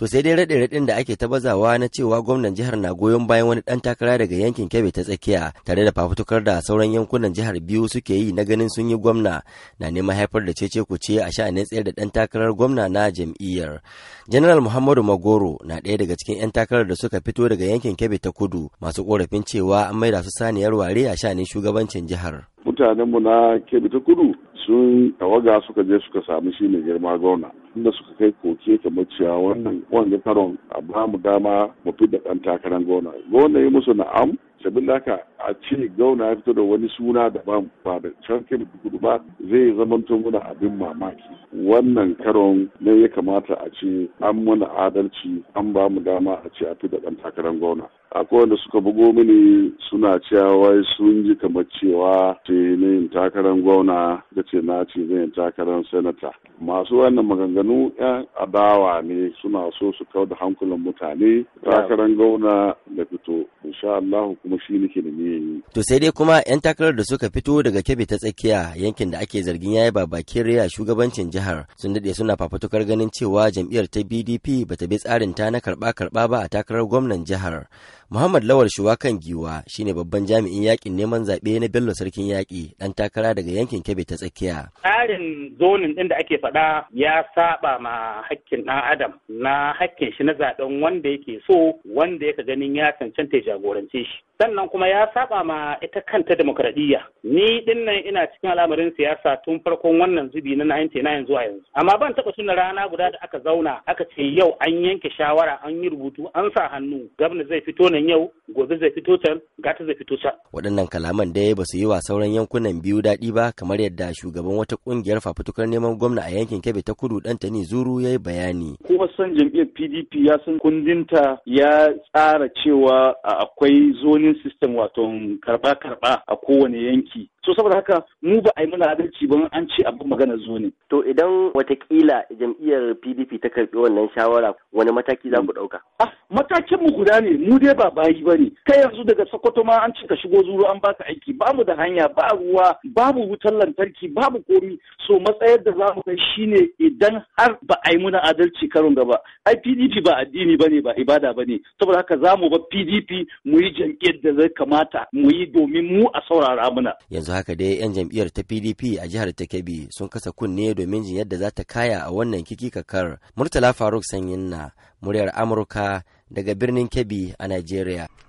to sai dai raɗe raɗin da ake tabazawa na cewa gwamnan jihar na goyon bayan wani ɗan takara daga yankin kebe ta tsakiya tare da fafutukar da sauran yankunan jihar biyu suke yi na ganin sun yi gwamna na neman haifar da cece ce a sha'anin tsayar da ɗan takarar gwamna na jam'iyyar general muhammadu magoro na ɗaya daga cikin 'yan takarar da suka fito daga yankin kebe ta kudu masu korafin cewa an da su saniyar ware a sha'anin shugabancin jihar mutanenmu na kebe ta kudu sun tawaga suka je suka sami shi mai girma gwamna inda suka kai koke ta maciya wannan wanda karon a ba mu dama mu fi da ɗan takarar gwamna gwamna yi musu na'am sabila aka a ce gauna ya fito da wani suna da ba da can kai ba zai zamanto muna abin mamaki wannan karon ne ya kamata a ce an mana adalci an ba mu dama a ce a fi da ɗan takarar gona. akwai wanda suka bugo mini suna cewa sun ji kamar cewa ce yin takarar gwamna da ce na ce zai yin takarar senata masu wannan maganganu yan adawa ne suna so su kau da hankulan mutane takarar gwamna da fito insha Allah kuma shi nake da yi. to sai dai kuma yan takarar da suka fito daga kebe ta tsakiya yankin da ake zargin yayi babakin riya shugabancin jihar sun dade suna fafatukar ganin cewa jam'iyyar ta BDP bata bi tsarin ta na karba karba ba a takarar gwamnan jihar Muhammad Lawal Shuwakan Giwa shine babban jami'in yakin neman zaɓe na Bello Sarkin Yaƙi ɗan takara daga yankin Kebbi ta tsakiya. Tsarin zonin ɗin da ake faɗa ya saba ma hakkin ɗan Adam na hakkin shi na zaɓen wanda yake so wanda yake ganin ya cancanta ya jagorance shi. sannan kuma ya saba ma ita kanta demokradiyya ni dinnan ina cikin al'amarin siyasa tun farkon wannan zubi na 99 zuwa yanzu amma ban taba tuna rana guda da aka zauna aka ce yau an yanke shawara an yi rubutu an sa hannu gwamna zai fito nan yau gobe zai fito can gata zai fito can waɗannan kalaman dai ba su yi wa sauran yankunan biyu daɗi ba kamar yadda shugaban wata ƙungiyar fafutukar neman gwamna a yankin kebe ta Kudu Dantani Zuru ya yi bayani kuma san jam'iyyar PDP ya san kundinta ya tsara cewa akwai zonin banking system wato karba karba a kowane yanki so saboda haka mu ba a yi mana adalci ba an ce abin magana zo ne. To idan watakila jam'iyyar PDP ta karbi wannan shawara wani mataki za ku ɗauka? Ah, matakin mu guda ne mu dai ba bayi ba ne kai yanzu daga Sokoto ma an ce ka shigo zuru an baka aiki bamu da hanya ba ruwa babu wutar lantarki babu komi so matsayar da za mu kai shine idan har ba a yi muna adalci karon gaba ai PDP ba addini bane ba ibada ne saboda haka za mu ba PDP mu yi jam'iyyar da zai kamata mu yi domin mu a saurara muna. yanzu haka dai 'yan jam'iyyar ta pdp a jihar ta kebbi sun kasa kunne domin jin yadda za ta kaya a wannan kiki kakar murtala faruk sanyin na muryar amurka daga birnin kebbi a nigeria